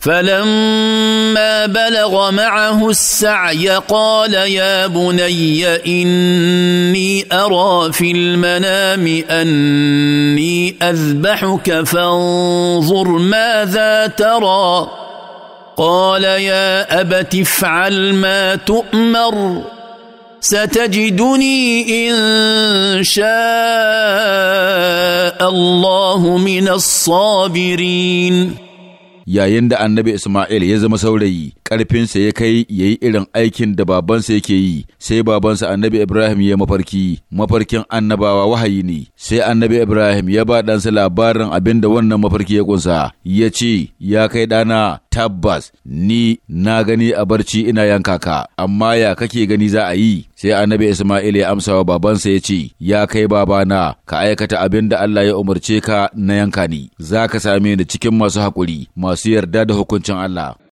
فلما بلغ معه السعي قال يا بني اني ارى في المنام اني اذبحك فانظر ماذا ترى قال يا ابت افعل ما تؤمر ستجدني ان شاء الله من الصابرين yayin da annabi Ismail ya zama saurayi ƙarfinsa ya kai ya yi irin aikin da babansa yake yi sai babansa annabi Ibrahim ya mafarki mafarkin annabawa wahayi ne sai annabi Ibrahim ya ba ɗansa labarin abin da wannan mafarki ya kunsa ya ce ya kai ɗana tabbas ni na gani a barci ina yanka ka amma ya kake gani za a yi sai annabi Ismail ya amsa wa babansa ya ce, Ya kai babana, ka aikata abin da Allah ya umarce ka na yanka ni, za ka same ni cikin masu haƙuri, masu yarda da hukuncin Allah.